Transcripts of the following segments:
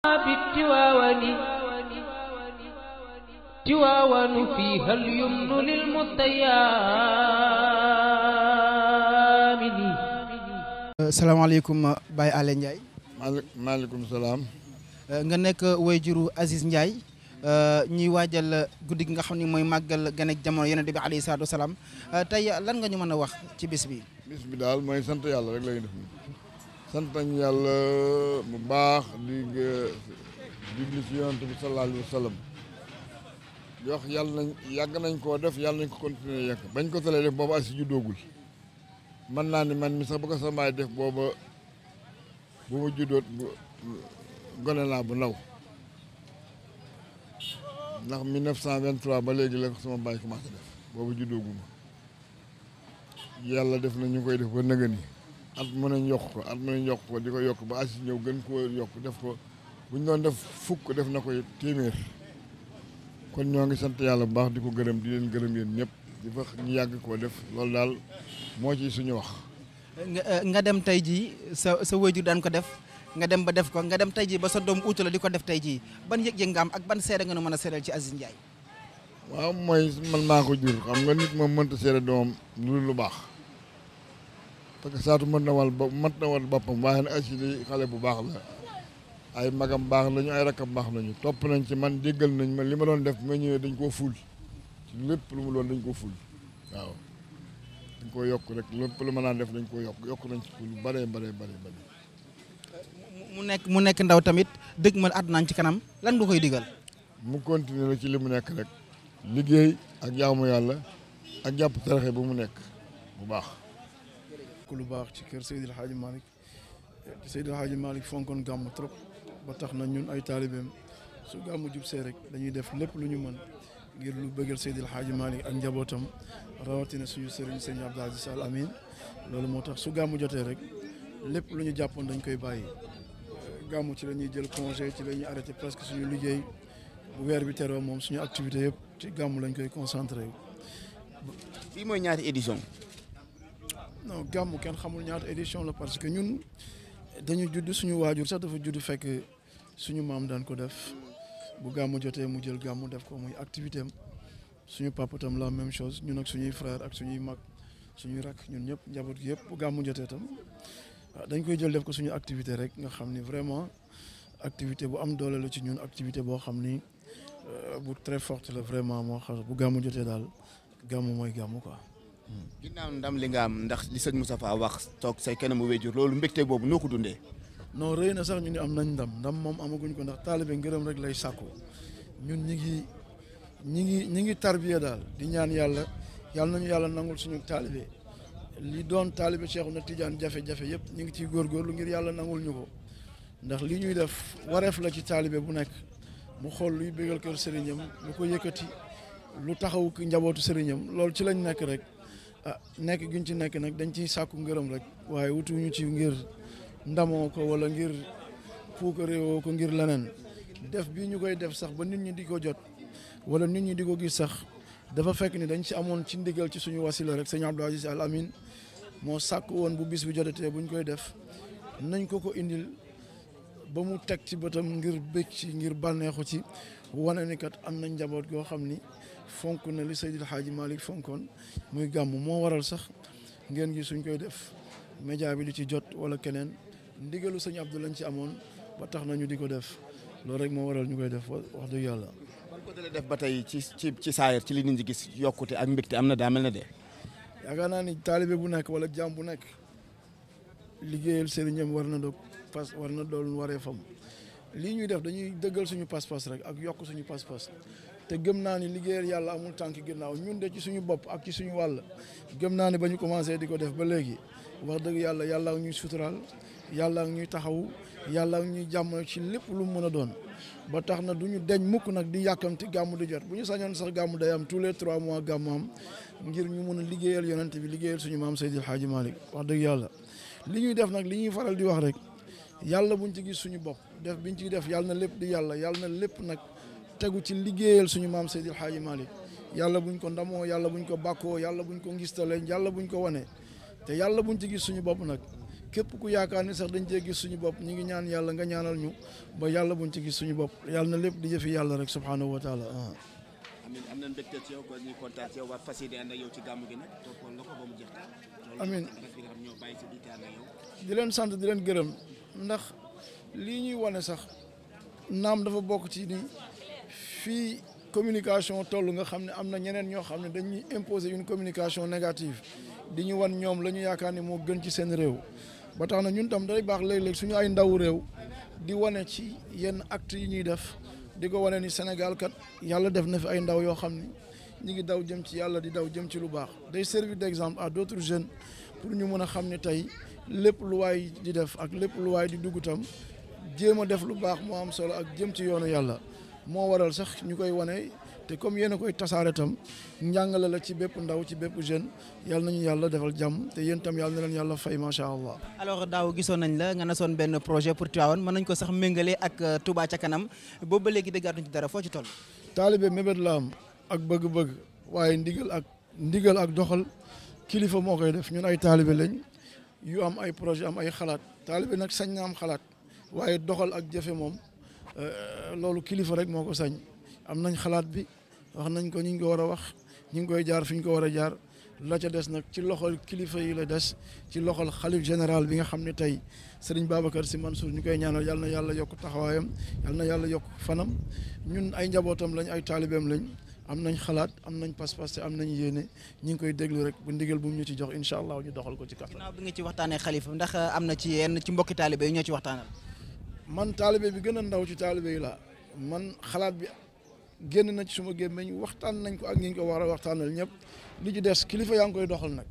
بالتواون تواون فيها اليمن للمتيامن السلام عليكم باي علي Ndiaye maaleykum salaam euh, nga nekk wayjuru Aziz Ndiaye euh, ñuy waajal guddi gi nga xam ni mooy màggal gan ak jamono yonent bi alayhi salaatu wasalaam euh, tey lan nga ñu mën a wax ci bis bi bis bi daal mooy sant yàlla rek la ñuy def santañ yàlla bu baax di jubli ci yonent bi sallallahu alayhi wa sallam yox yàlla nañ yàgg nañ koo def yàlla nañ ko continuer yàgg bañ ko talee def boobu ay si juddoogul man naa ni man mi sax bëgg ko samaay def booba bu ma bu ndaw ndax 1923 ba léegi la sama baay commencé def boobu juddooguma yàlla def na ñu koy def ba nëgën at mën nañ yokk ko at mën di ko yokk ba asi ñëw gën koo yokk def ko bu ñu doon def fukk def na ko téeméer kon ñoo ngi sant yàlla bu baax di ko gërëm di leen gërëm yéen ñëpp di fa ñu yàgg koo def loolu daal moo ci suñu wax. nga eh, dem tey jii sa sa waajur daan ko def nga dem ba def ko nga dem tey jii ba sa doom uutu la di ko def tey jii ban yëg-yëg nga am ak ban seede nga nu mën a seedeel ci Aziz Ndiaye. waaw mooy man maa ko jur xam nga nit moom mënta seede doomam lu baax. parce que Saatu mën na wal ba mat na wal boppam waaye nag Asili xale bu baax la ay magam baax lañu ay rakkam baax nañu topp nañ ci man déggal nañ ma li ma doon def ma ñëwee dañ koo ful ci lépp lu mu doon dañ koo ful waaw dañ koo yokk rek lépp lu ma naan def dañ koo yokk yokk nañ ci ful bare bare bare bare mu nekk mu nekk ndaw tamit dëgg ma at ci kanam lan nga koy digal mu continuer la ci li mu nekk rek liggéey ak jaamu yàlla ak jàpp taraxe bu mu nekk bu baax sàkk lu baax ci kër Seydil Hadji Malick Seydil Hadji Malick fonkoon gàmm trop ba tax na ñun ay taalibeem su gàmmu jub see rek dañuy def lépp lu ñu mën ngir lu bëggal Seydil Hadji Malick ak njabootam rawatina suñu sëriñ sëñ Abdou Aziz Al Amin loolu moo tax su gàmmu jotee rek lépp lu ñu jàppoon dañ koy bàyyi gàmmu ci la ñuy jël congé ci la ñuy arrêté presque suñu liggéey bu weer bi teroo moom suñu activité yëpp ci gàmmu lañ koy concentré. bii non gàmmu kenn xamul ñaata édition la parce que ñun dañu judd suñu waajur sax dafa judd fekk suñu maam daan ko def bu gàmmu jotee mu jël gàmmu def ko muy activité am suñu papa la même chose ñun ak suñuy frère ak suñuy mag suñuy rak ñun ñëpp njaboot gi yëpp bu gàmmu jotee tam ah, dañ koy jël def ko suñu activité rek nga xam ni vraiment activité bu am doole la ci ñun activité boo xam ni euh, bu très forte la vraiment moo xam bu gàmmu jotee daal gàmmu mooy gàmmu quoi. ginnaaw ndam li nga am ndax li sëñ Moustapha wax toog say kanamu wéjur loolu mbégte boobu noo ko dundee. non rëy na sax ñu ni am nañ ndam ndam moom amaguñ ko ndax taalibe ngërëm rek lay sàkku ñu ñi ngi ñi ngi ñi ngi tarbiya daal di ñaan yàlla yàlla nañu yàlla nangul suñu taalibe li doon taalibe Cheikhouna Tidiane jafe-jafe yëpp ñu ngi ciy lu ngir yàlla nangul ñu ko ndax li ñuy def wareef la ci taalibe bu nekk mu xool luy bégal kër sëriñam lu ko yëkkati lu taxaw njabootu sëriñam loolu ci lañ nekk rek ah nekk guñ ci nekk nag dañ ciy sàkku ngërëm rek waaye wutuñu ci ngir ndamoo ko wala ngir puukaréewoo ko ngir leneen def bi ñu koy def sax ba nit ñi di ko jot wala nit ñi di ko gis sax dafa fekk ni dañ ci amoon ci ndigal ci suñu wasila rek sëñ Abdou Aziz Al Amin moo sàkk woon bu bis bi bu ñu koy def nañ ko ko indil ba mu teg ci bëtam ngir bëgg ci ngir bànneexu ci wane ni am na njaboot goo xam ni fonk na li Seydil Hadji Malick fonkoon muy gàmm moo waral sax ngeen gi suñ koy def média bi li ci jot wala keneen ndigalu sëñ Abdou lañ ci amoon ba tax nañu di ko def loolu rek moo waral ñu koy def wax dëgg yàlla. def ba tey ci ci ci saayir ci li nit ñi gis yokkute ak mbégte am na daa mel na de. yaakaar naa ni taalibe bu nekk wala jaam bu nekk liggéeyal sëriñam war na doog pas war na doon waree fam lii ñuy def dañuy dëggal suñu pas-pas rek ak yokk suñu pas te gëm naa ni liggéeyal yàlla amul tànk ginnaaw ñun de ci suñu bopp ak ci suñu wàll gëm naa ni ba ñu commencé di ko def ba léegi wax dëgg yàlla yàlla ñuy suturaal yàlla ñuy taxaw yàlla ñuy jàmm ci lépp lu mu mën a doon ba tax na du ñu deñ mukk nag di yàkkamti gàmm di jot bu ñu sañoon sax gàmm day am tous les trois mois gàmm am ngir ñu mun a liggéeyal yonent bi liggéeyal suñu maam Seydil Hadji Malick wax dëgg yàlla li ñuy def nag li ñuy faral di wax rek yàlla buñ ci gis suñu bopp def biñ ci def yàlla na lépp di yàlla yàlla na lépp nag tegu ci liggéeyal suñu maam Seydil Hadji Malick yàlla buñ ko ndamoo yàlla buñ ko bàkkoo yàlla buñ ko ngistale yàlla buñ ko wanee te yàlla buñ ci gis suñu bopp nag képp ku yaakaar ni sax dañ cee gis suñu bopp ñu ngi ñaan yàlla nga ñaanal ñu ba yàlla buñ ci gis suñu bopp yàlla na lépp di jëfi yàlla rek subhaanahu wa taala ah. amin am nañ mbégte ci yow kon ñu kontaan ci yow waa fas yéene ànd ak ci gàmm gi nag toppoon nga ko ba mu jeex amin di leen sant di leen gërëm ndax lii ñuy wane sax naam dafa bokk ci ni fii communication toll nga xam ne am na ñeneen ñoo xam ne dañuy imposer une communication négative di ñu wan ñoom lañu yaakaar ni moo gën ci seen réew ba tax na ñun tam day baax léeg-léeg suñu ay ndaw réew di wane ci yenn act yi ñuy def di ko wane ni Sénégal kat yàlla def na fi ay ndaw yoo xam ni ñu ngi daw jëm ci yàlla di daw jëm ci lu baax day servir d'exemple à d'autres jeunes pour ñu mën a xam ne tey lépp lu waay di def ak lépp lu waay di dugg jéem a def lu baax moo am solo ak jëm ci yoonu yàlla. moo waral sax ñu koy wane te comme yéen a koy tasaare tam njàngale la ci bépp ndaw ci bépp jeune yàlla nañu yàlla defal jàmm te yéen tam yàlla na leen yàlla fay macha allah. alors daaw gisoon nañ la nga ne soon benn projet pour Tivaouane mën nañ ko sax méngale ak euh, Touba ca kanam boobu ba léegi déggaatuñ ci dara foo ci toll. taalibe mébét la am ak bëgg-bëgg waaye ndigal ak ndigal ak doxal kilifa moo koy def ñun ay taalibe lañ yu am ay projet am ay xalaat taalibe sañ na am xalaat waaye doxal ak jëfe moom. Euh, loolu kilifa rek moo ko sañ am nañ xalaat bi wax nañ ko ñu ngi ko war a wax ñu ngi koy jaar fi ñu ko war a jaar la ca des nag ci loxol kilifa yi la des ci loxol xalif général bi nga xam ne tey sëriñ Babacar Sy Mansour ñu koy ñaanal yal na yàlla yokk taxawaayam yal na yàlla yokk fanam ñun ay njabootam lañ ay taalibeem lañ am nañ xalaat am nañ pas-pas te am nañ yéene ñu ngi koy déglu rek bu ndigal bu mu ñu ci jox incha allah ñu doxal ko ci kàttan. ginnaaw bi nga ci waxtaanee xalifa ndax euh, am na ci yenn ci mbokki taalibe yi ci waxtaanal. man taalibe bi gën a ndaw ci taalibe yi laa man xalaat bi génn na ci suma gémmiñ waxtaan nañ ko ak ñi ñu ko war a waxtaanal ñëpp li ci des kilifa yaa ngi koy doxal nag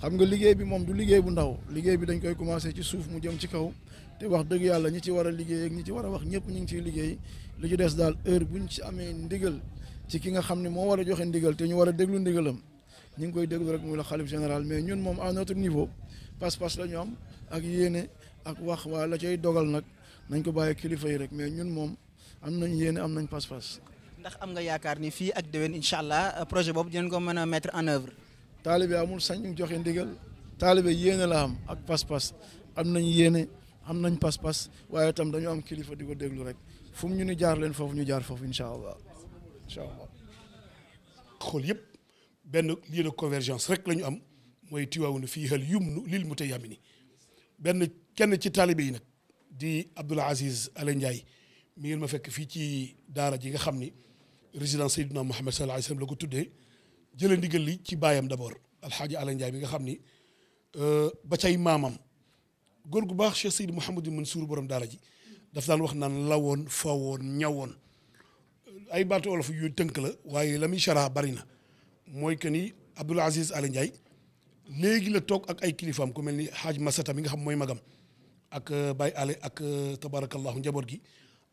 xam nga liggéey bi moom du liggéey bu ndaw liggéey bi dañ koy commencé ci suuf mu jëm ci kaw te wax dëgg yàlla ñi ci war a liggéey ak ñi ci war a wax ñëpp ñu ngi ciy liggéey lu ci des daal heure ñu ci amee ndigal ci ki nga xam ne moo war a joxe ndigal te ñu war a déglu ndigalam ñu ngi koy déglu rek muy la xalif général mais ñun moom à notre niveau passe-passe la ñu am ak yéene ak wax la cay dogal nag nañ ko bàyyi kilifa yi rek mais ñun moom am nañ yéene am nañ pas-pas. ndax am nga yaakaar ni fii ak déwén incha allah projet boobu dinañ ko mën a metre en œuvre. taalibe amul sañ joxe ndigal. taalibe yéene la am ak pas-pas am nañ yéene am nañ pas-pas waaye itam dañu am kilifa di ko déglu rek fu ñu ni jaar leen foofu ñu jaar foofu incha allah incha allah. xool yëpp benn lieu de convergence rek la ñu am mooy Tiwaawu fii xel yum nu lil mu tey yamini benn kenn ci taalibe yi nag. di Abdoul Aziz Alé Ndiaye mi ngeen ma fekk fii ci daara ji nga xam ni résident Seydina Mouhamed sallallahu alayhi wa sallam la ko tuddee jëlee ndigal li ci baayam d'abord alxaaji Alé Ndiaye mi nga xam ni euh, ba cay maamam góor gu baax Cheikh Seydou Mouhamadou Mansour borom daara ji daf daan wax naan lawoon fawoon ñawoon ay baatu olof yu tënk la waaye la muy chara bari na mooy que ni Abdoul Aziz Alé Ndiaye léegi la toog ak ay kilifam ko mel ni xaaj Masata mi nga xam mooy magam ak euh, Baye Ale ak euh, tabarakallahu njaboot gi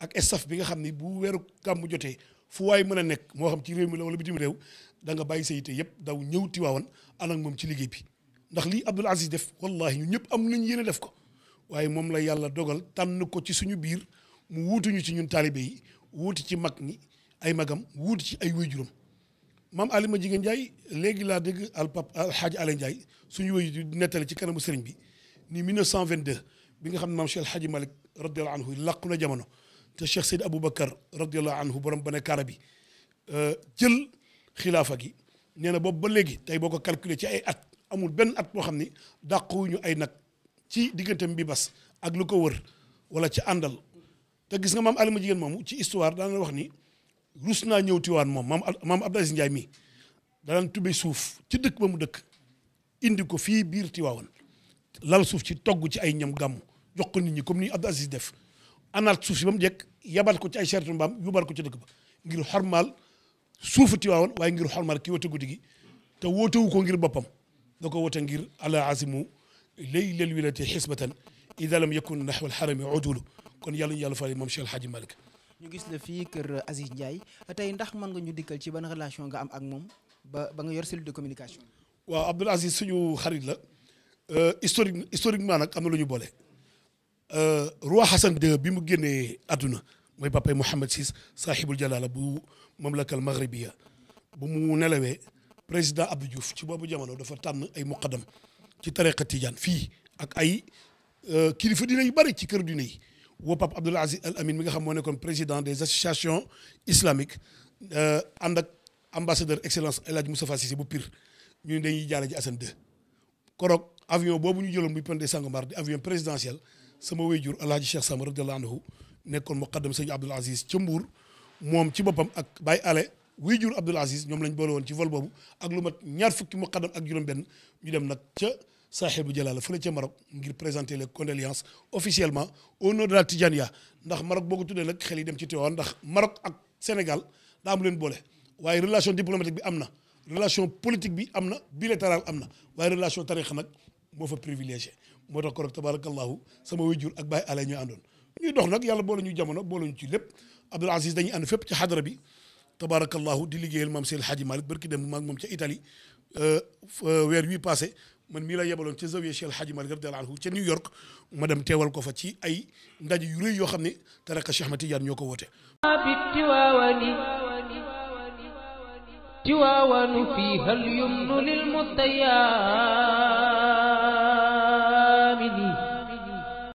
ak staff bi nga xam ni bu weeru gàmmu jotee fu waay mën a nekk moo xam ci réew mi la wala bitim réew da nga bàyyi sa yite yëpp daw ñëw Tiwaawan ànd ak moom ci liggéey bi ndax lii Abdoul Aziz def wallahi ñu ñëpp am nañ yéene def ko waaye moom la yàlla dogal tànn ko ci suñu biir mu wuutuñu ci ñun taalibe yi wuuti ci mag ñi ay magam wuuti ci ay wéjuram maam Alima Jigéen Ndiaye léegi laa dégg al pap alxaaji Alé Ndiaye suñu wéju di nettali ci kanamu sëriñ bi ni 1922 bi nga xam ne maam Cheikh El Hadj Malick radiyallahu anhu làqu na jamono te Cheikh Seyd Aboubacar radiyallahu anhu borom ba ne kaara bi euh, jël xilaafa gi nee na boobu ba léegi tey boo ko calculer ci ay at amul benn at boo xam ni dàquwuñu ay nag ci diggante bi bas ak lu ko wër wala ci àndal te gis nga maam Alima jigéen moom ci histoire daan wax ni rus naa ñëw ti Tiwaan moom maam maam Abdou Aziz Ndiaye mii daan tubbe suuf ci dëkk ba mu dëkk indi ko fii biir Tiwaawan lal suuf ci togg ci ay ñam gàmmu jox ko nit ñi comme ni Abdou Aziz def anaat suuf si ba mu jekk yabal ko ci ay seetu mbaam yóbbaal ko ci dëkk ba ngir xormaal suufu Tiwaawan waaye ngir xormaal ki woote guddi gi te wootewu ko ngir boppam da ko woote ngir ala azimu laylal wilaati xisbatan ida lam yakun naxwa alxarami udulu kon yàlla ñu yàlla fale moom Cheikh Alhaji Malick ñu gis la fii kër Aziz Ndiaye tey ndax mën nga ñu dikkal ci ban relation nga am ak moom ba ba nga yor cellule de communication waaw Abdoul Aziz suñu xarit la euh, historique historiquement nag am na lu ñu boole Euh, roi Hassan II bi mu génnee àdduna mooy papay Mouhamed VI sahibul jalala bu mamlakal maghribiya bu mu nelawee président Abdou Diouf ci boobu jamono dafa tànn ay muqaddam ci tariqa tijaan fii ak ay euh, kilifa diine yu bari ci kër diine yi woo Pape Abdoul Aziz Al Amin mi nga xam moo nekkoon président des associations islamiques euh, ànd ak ambassadeur excellence El Hadj Moustapha Cissé bu Pire ñu ne dañuy jaale ji Hassan II koroog avion boobu ñu jëloon muy pende Sangomar di avion présidentiel sama wéyjur alaaji Cheikh Sam radiyallahu anhu nekkoon muqaddam sëñ Abdoul Aziz ca Mbour moom ci boppam ak Baye Ale wéyjur jur Aziz ñoom lañ boole woon ci vol boobu ak lu mat ñaar fukki muqaddam ak juróom-benn ñu dem nag ca saaxibu jalaala fële ca Maroc ngir présenter les condoléances officiellement au nom de la Tijaniya ndax Maroc boo ko nag xel yi dem ci Tiwaawan ndax Maroc ak Sénégal daa am leen boole waaye relation diplomatique bi am na relation politique bi am na bilatéral am na waaye relation tarixa nag moo fa privilégié moo tax korog tabarakallahu sama wajur ak Baye Alé ñoo àndoon ñuy dox nag yàlla boole ñu jamono boole ñu ci lépp Abdoul Aziz dañuy ànd fépp ci xadra bi tabarakallahu di liggéeyal maam Seydi Hadji Malick barki dem maag moom ca Italie euh, euh, weer wii passé man mii la yebaloon ca zawiya Cheikh Hadji Malick radiyallahu anhu ca New York ma dem teewal ko fa ci ay ndaje yu yoo xam ne taraka Cheikh Ahmed Tidiane ñoo ko wote tiwaawan fiiha yumnu lil muttayaa